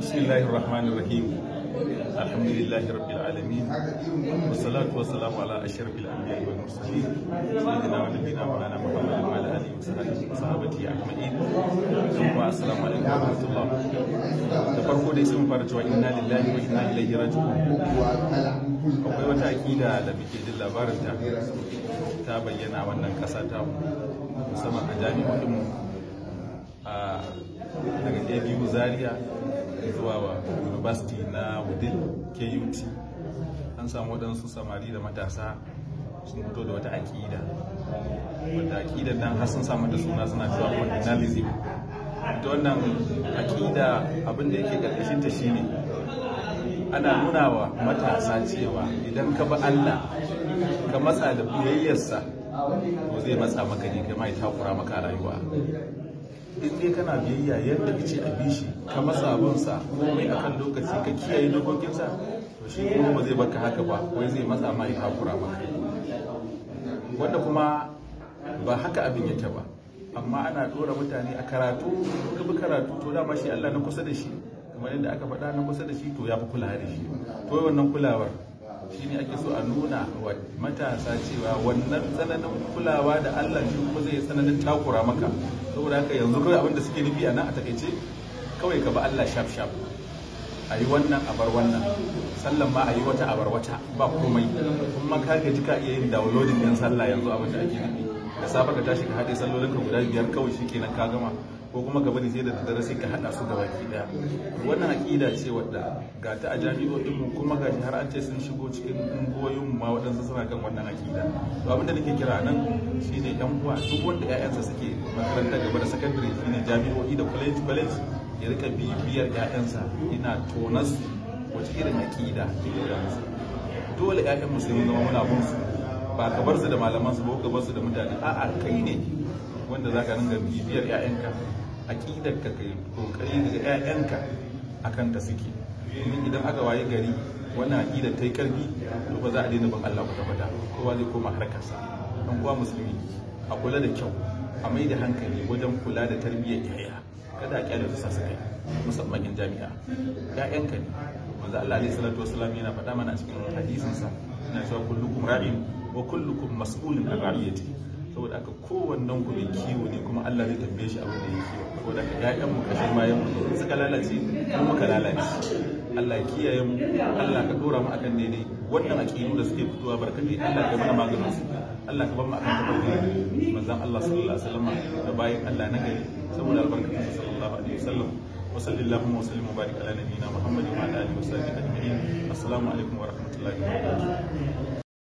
بسم الله الرحمن الرحيم الحمد لله رب العالمين والصلاة والسلام على أشرف الأنبياء والمرسلين سيدنا ونبينا مولانا محمد وعلى آله وصحبه أجمعين ثم السلام عليكم ورحمة الله تفرقوا دي سمو فارجوا إنا لله وإنا إليه راجعون أقول وتأكيدا akida da muke jin labarin ta ta bayyana wannan ƙasa ta musamman daga ɗaya biyu zaria zuwa wa university na wudil kut an samu waɗansu samari da matasa sun fito da wata aƙida wata akida nan har sun samu da suna suna cewa ordinalism da wannan aƙida abin da yake ƙarƙashin ta shine ana nuna wa matasa cewa idan ka bi Allah ka matsa da biyayyarsa to zai matsa maka ne kuma ya takura maka rayuwa in dai kana biyayya yadda kace a bi shi ka masa abin sa komai akan lokaci ka kiyaye dokokin sa to shi kuma ba zai baka haka ba wai zai matsa ma ya hakura ba. wanda kuma ba haka abin yake ba amma ana dora mutane a karatu ka karatu to dama shi Allah na kusa da shi kamar yadda aka faɗa na kusa da shi to ya fi kula da shi to wannan kulawar shine ake so a nuna wa matasa cewa wannan tsananin kulawa da Allah shi kuma zai tsananin takura maka saboda haka yanzu kawai abin da suke nufi a nan a takaice kawai ka ba Allah shaf shaf a yi wannan a bar wannan sallan ma a yi wata a bar wata ba komai kuma ka gaji ka iya yin downloading ɗin sallah yanzu abin da ake nufi da safe ka tashi ka haɗe sallolin ka guda biyar kawai shikenan ka gama ko kuma ka bari sai da darasi sai ka hada su gabaki daya wannan aƙida ce wadda ga ta a jami'o'in mu kuma ga har an ce sun shigo cikin ungoyin ma waɗansu suna kan wannan aƙida to abinda nake kira nan shine yan uwa duk wanda ƴaƴansa suke makaranta gaba da sakandare shine jami'o'i da college college ya rika bibiyar ƴaƴansa ina tonas wace irin aƙida ke da musu dole ƴaƴan mu sai mun zama muna bin su ba ka bar su da malaman su ba ka bar su da mutane a'a kai ne wanda ka ringa bibiyar ƴaƴanka aƙidar ka kai kokari daga ƴaƴanka akan ta suke domin idan aka waye gari wannan aƙidar ta yi karbi to ba za a daina bin Allah kwata kwata kowa zai koma harkarsa dan uwa musulmi a kula da kyau a mai da hankali wajen kula da tarbiyyar yaya kada a kyale su su kai musamman yan jami'a yayanka ne manzo Allah alaihi salatu wasallam yana faɗa mana a cikin hadisinsa yana cewa kullukum ra'in wa kullukum mas'ulun an ra'iyati saboda haka kowannen ku mai kiwo ne kuma Allah zai tambaye shi abin da ya kiwo saboda haka ƴaƴan mu kashin mayan mu suka lalace mu muka lalace Allah kiyaye mu Allah ka dora mu akan ne daidai wannan aqidu da suke fitowa barkatai Allah ka mana maganin su Allah ka bar mu akan tabarri manzon Allah sallallahu alaihi wasallam da bayin Allah na gari saboda albarkatun sallallahu alaihi wasallam wa sallallahu wa sallam mubarak ala nabiyina Muhammad wa ala alihi wa sahbihi ajma'in assalamu alaikum wa rahmatullahi wa barakatuh